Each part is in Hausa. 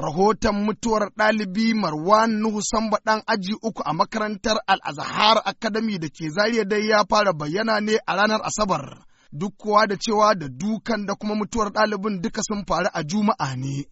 rahoton mutuwar ɗalibi Marwan Nuhu Samba ɗan aji uku a makarantar Al-Azhar Academy da ke Zariya dai ya fara bayyana ne a ranar Asabar. Duk kuwa da cewa da dukan da kuma mutuwar ɗalibin duka sun faru a Juma'a ne.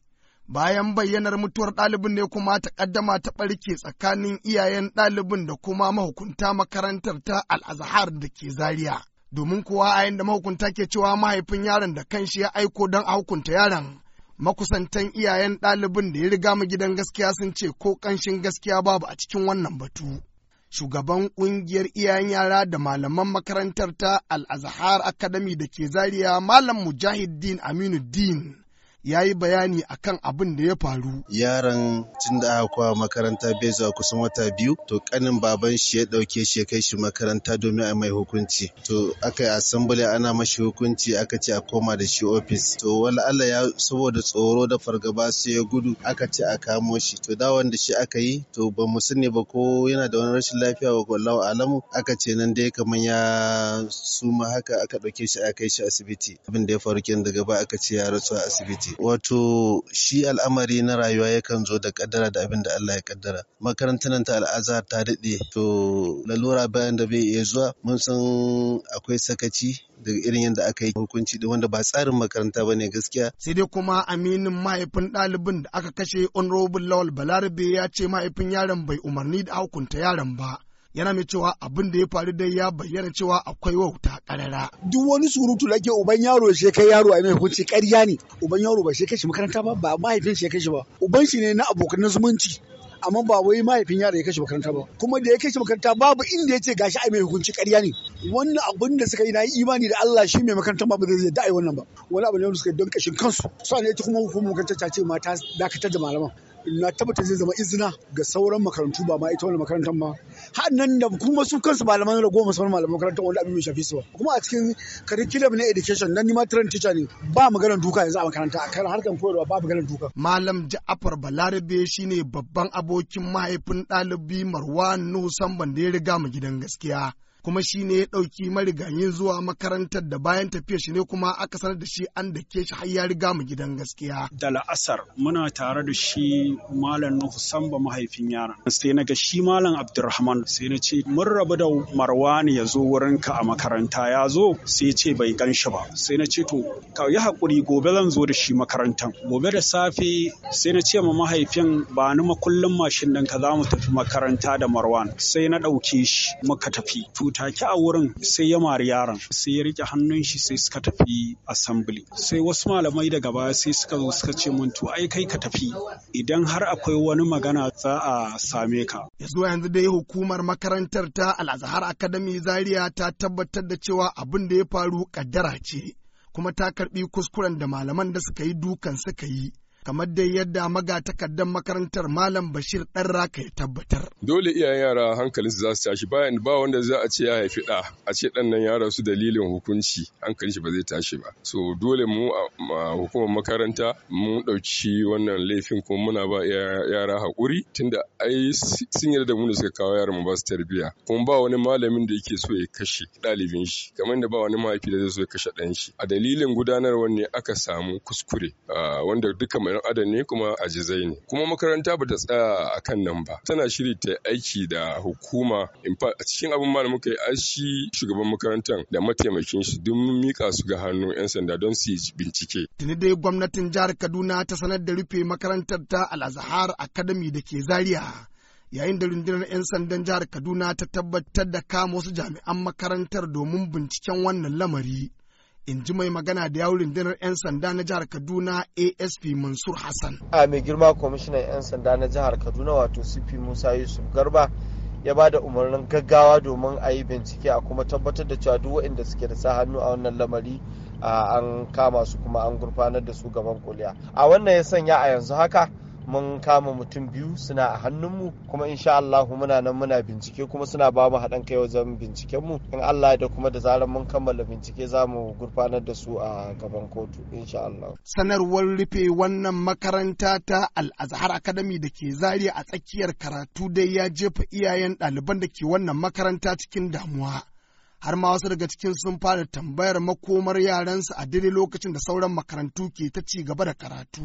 Bayan bayyanar mutuwar ɗalibin ne kuma ta ƙaddama ta ɓarke tsakanin iyayen ɗalibin da kuma mahukunta makarantar ta Al-Azhar da ke Zariya, Domin kuwa a da mahukunta ke cewa mahaifin yaron da kanshi ya aiko don a hukunta yaron. makusantan iyayen ɗalibin da ya riga mu gidan gaskiya sun ce ko ƙanshin gaskiya babu a cikin wannan batu. Shugaban ƙungiyar iyayen yara da malaman makarantar ta Al-Azhar Academy da ke Zaria Malam Mujahiddin Aminu Din ya yi bayani a kan abin da ya faru. Yaran tun da aka kwa makaranta bai zuwa kusan wata biyu, to kanin baban shi ya ɗauke shi ya kai shi makaranta domin a mai hukunci. To aka yi assembly ana mashi hukunci aka ce a koma da shi ofis. To wala Allah ya saboda tsoro da fargaba sai ya gudu aka ce a kamo shi. To da wanda shi aka yi to ba mu sani ba ko yana da wani rashin lafiya wa wallahu alamu aka ce nan dai kamar ya suma haka aka ɗauke shi a kai shi asibiti. Abin da ya faru kenan daga ba aka ce ya rasu a asibiti. Wato shi al'amari na rayuwa yakan zo da kaddara da abin da Allah ya kaddara. Makarantar ta al'azhar ta daɗe to lalura bayan da bai iya zuwa mun san akwai sakaci daga irin yadda aka yi hukunci da wanda ba tsarin makaranta ba ne gaskiya. Sai dai kuma aminin mahaifin ɗalibin da aka kashe honorable Lawal Balarabe ya ce mahaifin yaron bai umarni da hukunta yaron ba. yana mai cewa abin da ya faru dai ya bayyana cewa akwai wauta karara duk wani surutu da ke uban yaro shi kai yaro a mai hukunci ƙarya ne uban yaro ba shi kai shi makaranta ba ba mahaifin shi kai shi ba uban shi ne na abokan zumunci amma ba wai mahaifin yaro ya kashe makaranta ba kuma da ya kashe makaranta babu inda ya ce gashi ai mai hukunci ƙarya ne wannan abin da suka yi na imani da Allah shi mai makaranta ba zai yadda ai wannan ba wani abu ne wanda suka yi don kashin kansu sa'an ne ta kuma hukumar makaranta ta ce ma ta dakatar da malaman na tabbata zai zama izina ga sauran makarantu ba ma ita wani makarantar ma har nan da kuma su kansu malaman da goma sauran malaman makarantar wanda abin mai shafi su ba kuma a cikin curriculum na education nan ni ma teacher ne ba maganar duka yanzu a makaranta a kan harkar koyarwa ba maganar duka malam Ja'far Balarabe shine babban abokin mahaifin ɗalibi Marwan Nusan Samban da ya riga mu gidan gaskiya kuma shi ne ya ɗauki marigayi zuwa makarantar da bayan tafiyar shi ne kuma aka sanar da shi an dake shi har ya riga mu gidan gaskiya. Da la'asar muna tare da shi malam Nuhu Samba mahaifin yaran. Sai na ga shi malam Abdulrahman sai na ce mun rabu da Marwani ya zo wurin ka a makaranta ya zo sai ce bai gan shi ba. Sai na ce to ka yi haƙuri gobe zan zo da shi makarantan. Gobe da safe sai na ce ma mahaifin ba ni ma kullum mashin ka za mu tafi makaranta da Marwan. Sai na ɗauke shi muka tafi. to take a wurin sai ya mari yaron sai ya rike hannun shi sai suka tafi assembly sai wasu malamai daga baya sai suka zo suka ce mun to ai kai ka tafi idan har akwai wani magana za a same ka yanzu yanzu dai hukumar makarantar ta al-azhar academy zaria ta tabbatar da cewa abin da ya faru kaddara ce kuma ta karbi kuskuren da malaman da suka yi dukan suka yi kamar dai yadda maga takardar makarantar Malam Bashir ɗan raka ya tabbatar. Dole iyayen yara hankalin su za su tashi bayan ba wanda za a ce ya haifi ɗa a ce ɗan nan ya rasu dalilin hukunci hankalin shi ba zai tashi ba. So dole mu a hukumar makaranta mu ɗauki wannan laifin kuma muna ba yara hakuri tunda ai sun yarda mu da suka kawo yara mu ba su tarbiyya kuma ba wani malamin da yake so ya kashe ɗalibin shi kamar yadda ba wani mahaifi da zai so ya kashe ɗan shi. A dalilin gudanarwa ne aka samu kuskure ah, wanda duka mai bin adam ne kuma ajizai ne kuma makaranta bata tsaya a kan nan ba tana shiri ta aiki da hukuma in fa a cikin abin ma da muka yi an shugaban makarantar da mataimakin shi don mika su ga hannu 'yan sanda don su yi bincike. Tuni dai gwamnatin jihar Kaduna ta sanar da rufe makarantar ta Al-Azhar Academy da ke Zaria. yayin da rundunar 'yan sandan jihar kaduna ta tabbatar da kama wasu jami'an makarantar domin binciken wannan lamari in ji mai magana da yawun rundunar 'yan sanda na jihar kaduna asp mansur hassan a mai girma kwamishinan 'yan sanda na jihar kaduna wato cp musa yusuf garba ya ba da umarnin gaggawa domin a yi bincike a kuma tabbatar da cewa duk waɗanda suke da sa hannu a wannan lamari an kama su kuma an gurfanar da su gaban kuliya a wannan ya sanya a yanzu haka mun kama mutum biyu suna a hannunmu kuma insha Allah muna nan muna bincike kuma suna ba mu haɗin kai wajen binciken mu in Allah da kuma da zarar mun kammala bincike za mu gurfanar da su a gaban kotu insha Allah sanarwar rufe wannan makaranta ta Al-Azhar Academy da ke Zaria a tsakiyar karatu dai ya jefa iyayen ɗaliban da ke wannan makaranta cikin damuwa har ma wasu daga cikin sun fara tambayar makomar yaransu a daidai lokacin da sauran makarantu ke ta ci gaba da karatu.